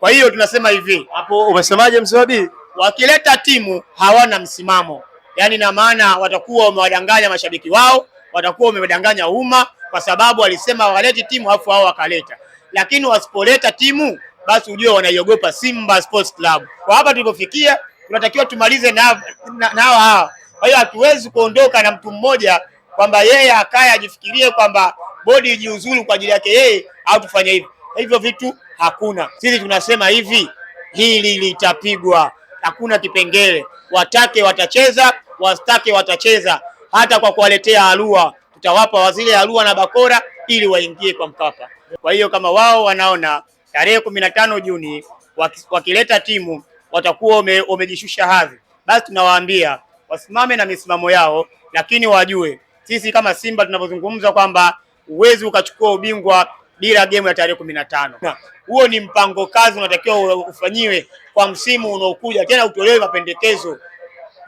Kwa hiyo tunasema hivi, hapo umesemaje mzee Wakileta timu hawana msimamo, yaani na maana watakuwa wamewadanganya mashabiki wao, watakuwa wamewadanganya umma, kwa sababu walisema waleti timu afu hao wakaleta, lakini wasipoleta timu basi ujue wanaiogopa Simba Sports Club. Kwa hapa tulipofikia, tunatakiwa tumalize na hawa na, Kwa hiyo hatuwezi kuondoka na mtu mmoja kwamba yeye akaye ajifikirie kwamba bodi ijiuzuru kwa ajili yake yeye au tufanye hivyo hivyo vitu hakuna. Sisi tunasema hivi, hili litapigwa, hakuna kipengele. Watake watacheza, wastake watacheza, hata kwa kuwaletea halua tutawapa wazile halua na bakora ili waingie kwa Mkapa. Kwa hiyo kama wao wanaona tarehe kumi na tano Juni wakileta timu watakuwa wamejishusha hadhi, basi tunawaambia wasimame na misimamo yao, lakini wajue sisi kama Simba tunavyozungumza kwamba uwezi ukachukua ubingwa bila game ya tarehe kumi na tano. Huo ni mpango kazi unatakiwa ufanyiwe kwa msimu unaokuja, tena utolewe mapendekezo,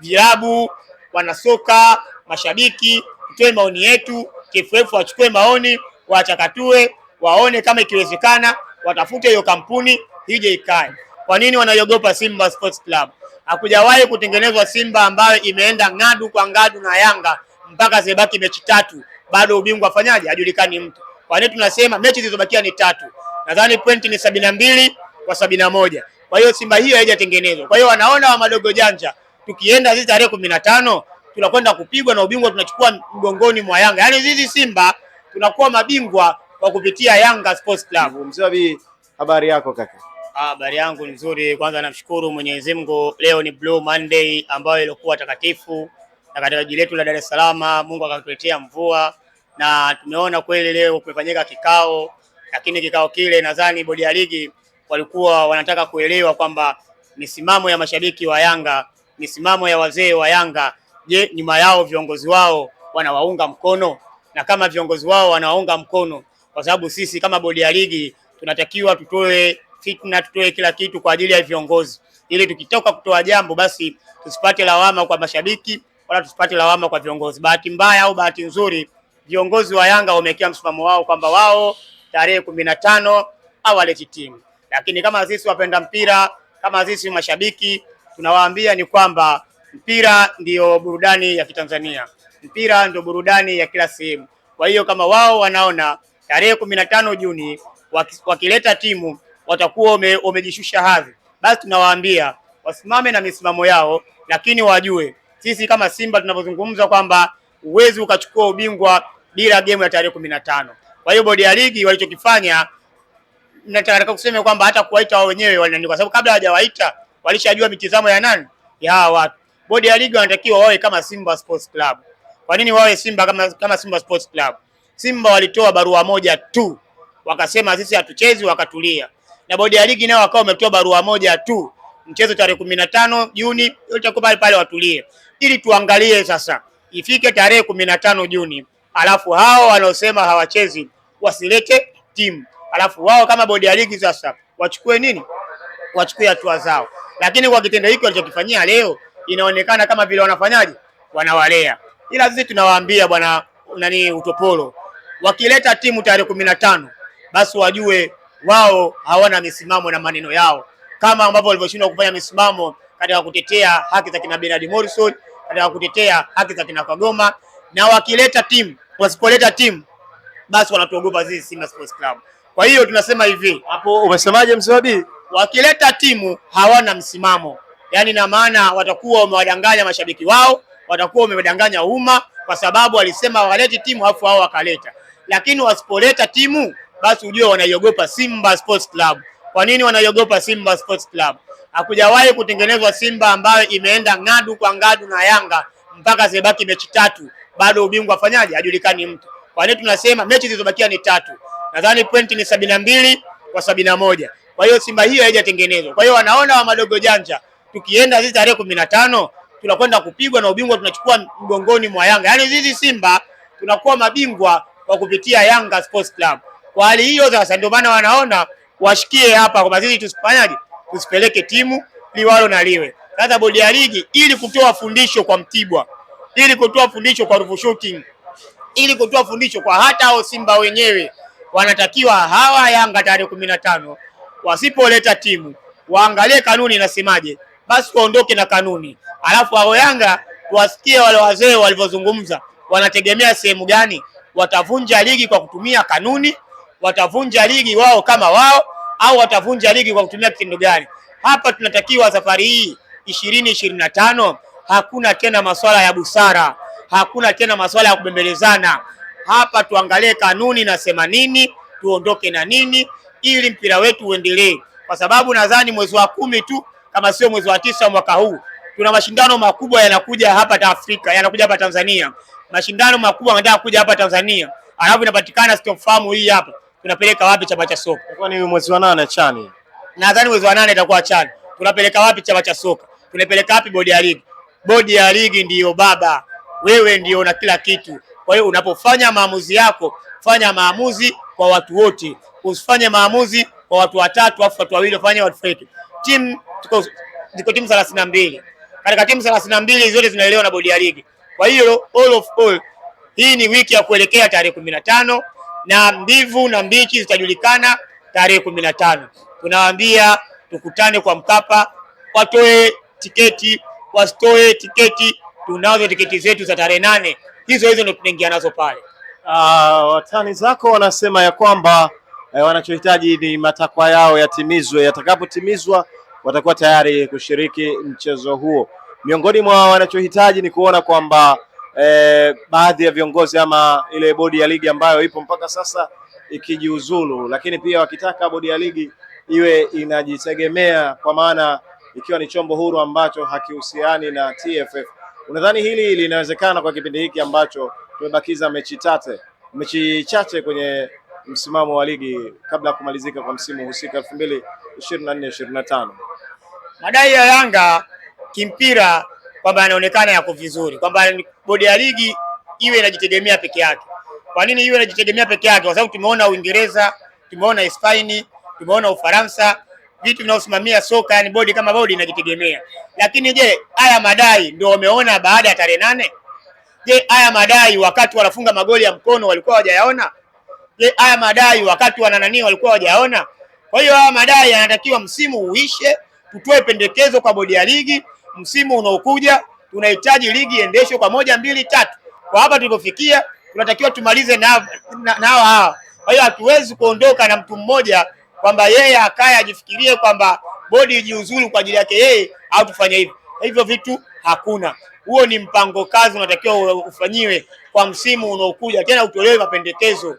vilabu, wanasoka, mashabiki, tutoe maoni yetu. TFF wachukue maoni, wachakatue, waone kama ikiwezekana, watafute hiyo kampuni ije ikae. Kwa nini wanaiogopa Simba Sports Club? Hakujawahi kutengenezwa Simba ambayo imeenda ngadu kwa ngadu na Yanga mpaka zimebaki mechi tatu, bado ubingwa afanyaje, hajulikani mtu. Kwa nini tunasema mechi zilizobakia ni tatu, nadhani pointi ni sabini na mbili kwa sabini na moja. Kwa hiyo Simba hiyo haijatengenezwa. Kwa hiyo wanaona wa madogo janja, tukienda zizi tarehe kumi na tano tunakwenda kupigwa na ubingwa tunachukua mgongoni mwa Yanga. Yaani hizi Simba tunakuwa mabingwa kwa kupitia Yanga Sports Club. Mzee, habari yako kaka? Ah, habari yangu nzuri. Kwanza namshukuru Mwenyezi Mungu, leo ni Blue Monday ambayo ilikuwa takatifu na katika jiji letu la Dar es Salaam Mungu akatuletea mvua na tumeona kweli leo kumefanyika kikao, lakini kikao kile nadhani bodi ya ligi walikuwa wanataka kuelewa kwamba misimamo ya mashabiki wa Yanga, misimamo ya wazee wa Yanga, je, nyuma yao viongozi wao wanawaunga mkono? Na kama viongozi wao wanawaunga mkono, kwa sababu sisi kama bodi ya ligi tunatakiwa tutoe fitna, tutoe kila kitu kwa ajili ya viongozi, ili tukitoka kutoa jambo basi tusipate lawama kwa mashabiki wala tusipate lawama kwa viongozi. Bahati mbaya au bahati nzuri viongozi wa Yanga wamekia msimamo wao kwamba wao tarehe kumi na tano hawaleti timu, lakini kama sisi wapenda mpira, kama sisi mashabiki, tunawaambia ni kwamba mpira ndiyo burudani ya Kitanzania, mpira ndio burudani ya kila sehemu. Kwa hiyo kama wao wanaona tarehe kumi na tano Juni wakileta timu watakuwa wamejishusha hadhi, basi tunawaambia wasimame na misimamo yao, lakini wajue sisi kama Simba tunavyozungumza kwamba huwezi ukachukua ubingwa bila game ya tarehe kumi na tano. Kwa hiyo bodi ya ligi walichokifanya, nataka kusema kwamba hata kuwaita wao wenyewe walinani, kwa sababu kabla hawajawaita walishajua mitizamo ya nani ya watu. Bodi ya ligi wanatakiwa wawe kama Simba Sports Club. Kwa nini wawe Simba kama, kama Simba Sports Club? Simba walitoa barua moja tu wakasema sisi hatuchezi, wakatulia. Na bodi ya ligi nao wakawa wametoa barua moja tu, mchezo tarehe kumi na tano Juni utakuwa pale pale, watulie ili tuangalie sasa ifike tarehe kumi na tano Juni, alafu hao wanaosema hawachezi wasilete timu, alafu wao kama bodi ya ligi sasa wachukue nini, wachukue hatua zao. Lakini kwa kitendo hiki walichokifanyia leo, inaonekana kama vile wanafanyaje, wanawalea. Ila sisi tunawaambia bwana nani utopolo, wakileta timu tarehe kumi na tano basi wajue wao hawana misimamo na maneno yao, kama ambavyo walivyoshindwa kufanya misimamo katika kutetea haki za kina Bernard Morrison katika kutetea haki za kina Kagoma, na wakileta timu, wasipoleta timu basi wanatuogopa sisi Simba Sports Club. Kwa hiyo tunasema hivi, hapo umesemaje msiwabi? Wakileta timu hawana msimamo, yaani na maana watakuwa wamewadanganya mashabiki wao, watakuwa wamewadanganya umma, kwa sababu walisema waleti timu halafu hao wakaleta, lakini wasipoleta timu basi ujue wanaiogopa Simba Sports Club. Kwa nini wanaiogopa Simba Sports Club? Hakujawahi kutengenezwa Simba ambayo imeenda ng'adu kwa ng'adu na Yanga mpaka zimebaki mechi tatu, bado ubingwa afanyaje, hajulikani mtu. Kwa nini tunasema mechi zilizobakia ni tatu? Nadhani pointi ni sabini na mbili kwa sabini na moja. Kwa hiyo Simba hiyo haijatengenezwa. Kwa hiyo wanaona wa madogo janja, tukienda hizi tarehe kumi na tano tunakwenda kupigwa na ubingwa tunachukua mgongoni mwa Yanga. Yaani hizi Simba tunakuwa mabingwa kwa kupitia Yanga Sports Club. Kwa hali hiyo sasa ndio maana wanaona washikie hapa kwa sisi tusifanyaje, usipeleke timu liwalo na liwe. Sasa bodi ya ligi ili kutoa fundisho kwa Mtibwa, ili kutoa fundisho kwa Ruvu Shooting, ili kutoa fundisho kwa hata hao Simba wenyewe, wanatakiwa hawa Yanga tarehe kumi na tano wasipoleta timu waangalie kanuni inasemaje, basi waondoke na kanuni. Alafu hao Yanga wasikie wale wazee walivyozungumza, wanategemea sehemu gani? Watavunja ligi kwa kutumia kanuni, watavunja ligi wao kama wao au watavunja ligi kwa kutumia kitendo gani? Hapa tunatakiwa safari hii ishirini ishirini na tano hakuna tena masuala ya busara, hakuna tena masuala ya kubembelezana. Hapa tuangalie kanuni nasema nini, tuondoke na nini, ili mpira wetu uendelee, kwa sababu nadhani mwezi wa kumi tu kama sio mwezi wa tisa mwaka huu tuna mashindano makubwa yanakuja hapa ta Afrika, yanakuja hapa Tanzania. Mashindano makubwa yanataka kuja hapa Tanzania, alafu inapatikana sitofahamu hii hapa tunapeleka wapi chama cha soka? Ilikuwa mwezi wa nane chani. Nadhani mwezi wa nane itakuwa chani. Tunapeleka wapi chama cha soka? Tunapeleka wapi bodi ya ligi? Bodi ya ligi ndiyo baba, wewe ndio na kila kitu. Kwa hiyo unapofanya maamuzi yako, fanya maamuzi kwa watu wote, usifanye maamuzi kwa watu watatu afu watu wawili wafanye watu wetu. Timu ziko timu 32 mbili katika timu 32 mbili zote zinaelewa na bodi ya ligi. Kwa hiyo all of all, hii ni wiki ya kuelekea tarehe kumi na tano na mbivu na mbichi zitajulikana tarehe kumi na tano. Tunawaambia tukutane kwa Mkapa, watoe tiketi, wasitoe tiketi, tunazo tiketi zetu za tarehe nane, hizo hizo ndio tunaingia nazo pale. Uh, watani zako wanasema ya kwamba eh, wanachohitaji ni matakwa yao yatimizwe. Yatakapotimizwa watakuwa tayari kushiriki mchezo huo. Miongoni mwa wanachohitaji ni kuona kwamba eh, baadhi ya viongozi ama ile bodi ya ligi ambayo ipo mpaka sasa ikijiuzulu, lakini pia wakitaka bodi ya ligi iwe inajitegemea kwa maana ikiwa ni chombo huru ambacho hakihusiani na TFF. Unadhani hili linawezekana kwa kipindi hiki ambacho tumebakiza mechi tate mechi chache kwenye msimamo wa ligi kabla ya kumalizika kwa msimu husika elfu mbili ishirini na nne ishirini na tano? Madai ya Yanga kimpira kwamba anaonekana yako vizuri, kwamba bodi ya ligi iwe inajitegemea peke yake. Kwa nini iwe inajitegemea peke yake? Kwa sababu tumeona Uingereza, tumeona Hispania, tumeona Ufaransa, vitu vinaosimamia soka, yani bodi kama bodi inajitegemea. Lakini je, haya madai ndio wameona baada ya tarehe nane? Je, haya madai wakati wanafunga magoli ya mkono walikuwa hawajayaona? Je, haya madai wakati wananani walikuwa hawajayaona? Kwa hiyo haya madai yanatakiwa msimu uishe, tutoe pendekezo kwa bodi ya ligi msimu unaokuja tunahitaji ligi iendeshwe kwa moja mbili tatu. Kwa hapa tulipofikia, tunatakiwa tumalize na, na hawa. Kwa hiyo hatuwezi kuondoka na mtu mmoja kwamba yeye akaye ajifikirie kwamba bodi ijiuzuru kwa ajili yake yeye au tufanye hivi. Hivyo vitu hakuna. Huo ni mpango kazi unatakiwa ufanyiwe kwa msimu unaokuja, tena utolewe mapendekezo,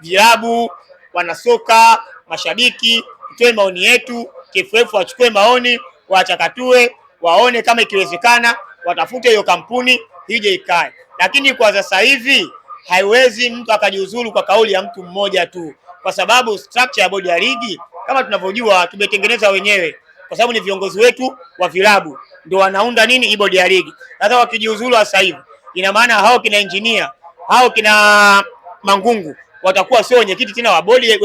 vilabu, wanasoka, mashabiki, tutoe maoni yetu, TFF wachukue maoni, wachakatue waone kama ikiwezekana watafute hiyo kampuni ije ikae, lakini kwa sasa hivi haiwezi mtu akajiuzuru kwa kauli ya mtu mmoja tu, kwa sababu structure ya bodi ya ligi kama tunavyojua tumetengeneza wenyewe, kwa sababu ni viongozi wetu wa vilabu ndio wanaunda nini hii bodi ya ligi. Sasa wakijiuzuru sasa hivi, ina maana hao kina engineer hao kina Mangungu watakuwa sio wenyekiti tena wa bodi,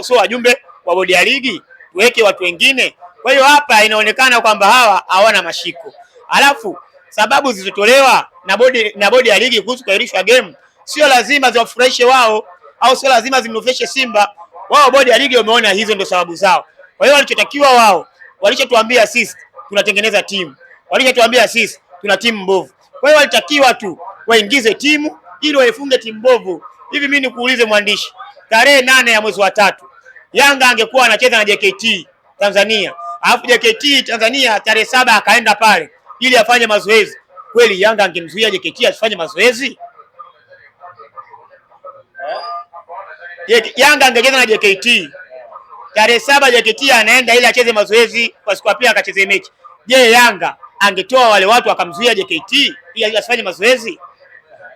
sio wajumbe wa bodi ya ligi. Tuweke watu wengine kwa hiyo hapa inaonekana kwamba hawa hawana mashiko. Alafu sababu zilizotolewa na bodi na bodi ya ligi kuhusu kuahirishwa game sio lazima ziwafurahishe wao au sio lazima zimnufishe Simba. Wao bodi ya ligi wameona hizo ndio sababu zao. Kwa hiyo walichotakiwa wao, walichotuambia sisi tunatengeneza timu, walichotuambia sisi tuna timu mbovu. Kwa hiyo walitakiwa tu waingize timu ili waifunge timu mbovu. Hivi mimi nikuulize mwandishi, tarehe nane ya mwezi wa tatu Yanga angekuwa anacheza na JKT Tanzania alafu JKT Tanzania tarehe saba akaenda pale ili afanye mazoezi. Kweli Yanga angemzuia JKT asifanye mazoezi? Eh? Yanga angecheza na JKT tarehe saba, JKT anaenda ili acheze mazoezi kwa siku pia akacheze mechi. Je, Yanga angetoa wale watu akamzuia JKT ili asifanye mazoezi?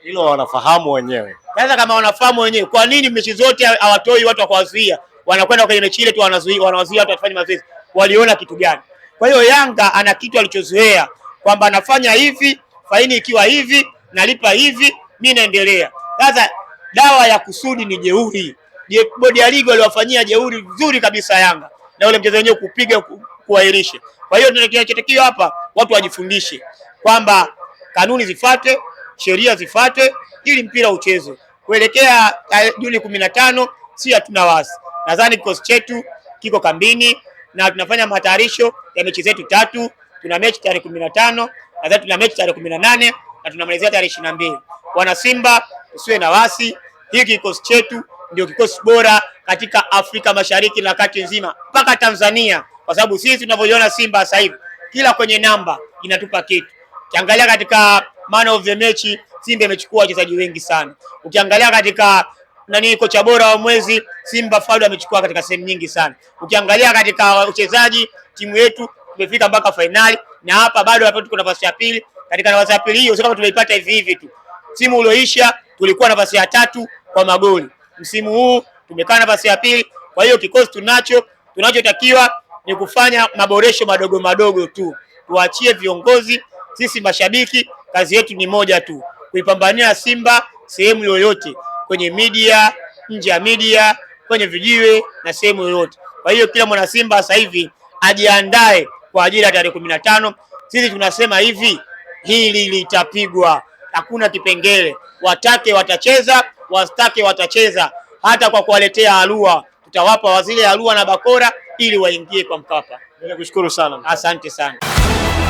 Hilo wanafahamu wenyewe. Sasa kama wanafahamu wenyewe, kwa nini mechi zote hawatoi watu kuwazuia, Wanakwenda kwenye mechi ile tu wanawazuia watu wasifanye mazoezi waliona kitu gani. Kwa hiyo Yanga ana kitu alichozoea kwamba anafanya hivi, faini ikiwa hivi, nalipa hivi, mi naendelea. Sasa dawa ya kusudi ni jeuri. Je, bodi ya ligi waliwafanyia jeuri nzuri kabisa Yanga na ule mchezo wenyewe kupiga kuahirisha. Kwa hiyo kinachotakiwa hapa watu wajifundishe kwamba kanuni zifate, sheria zifate ili mpira uchezwe. Kuelekea eh, Juni kumi na tano si hatuna wasi, nadhani kikosi chetu kiko kambini na tunafanya matayarisho ya mechi zetu tatu. Tuna mechi tarehe kumi na tano nadhani tuna mechi tarehe kumi na nane na tunamalizia tarehe ishirini na mbili. Wana Simba, usiwe na wasi, hiki kikosi chetu ndio kikosi bora katika Afrika Mashariki na kati nzima mpaka Tanzania, kwa sababu sisi tunavyoiona Simba sasa hivi kila kwenye namba inatupa kitu. Ukiangalia katika man of the match Simba imechukua wachezaji wengi sana, ukiangalia katika nani kocha bora wa mwezi Simba Fadu amechukua katika sehemu nyingi sana. Ukiangalia katika uchezaji, timu yetu tumefika mpaka fainali na hapa bado hapo tuko nafasi ya pili. Katika nafasi ya pili hiyo sio kama tumeipata hivi hivi tu. Timu ulioisha tulikuwa nafasi ya tatu kwa magoli. Msimu huu tumekaa nafasi ya pili. Kwa hiyo kikosi tunacho, tunachotakiwa ni kufanya maboresho madogo madogo tu. Tuachie viongozi, sisi mashabiki, kazi yetu ni moja tu, kuipambania Simba sehemu yoyote kwenye media, nje ya media, kwenye vijiwe na sehemu yoyote. Kwa hiyo kila mwana Simba sasa hivi ajiandae kwa ajili ya tarehe kumi na tano. Sisi tunasema hivi, hili litapigwa, hakuna kipengele. Watake watacheza, wastake watacheza, hata kwa kuwaletea alua tutawapa wazile alua na bakora ili waingie kwa Mkapa. Nikushukuru sana, asante sana.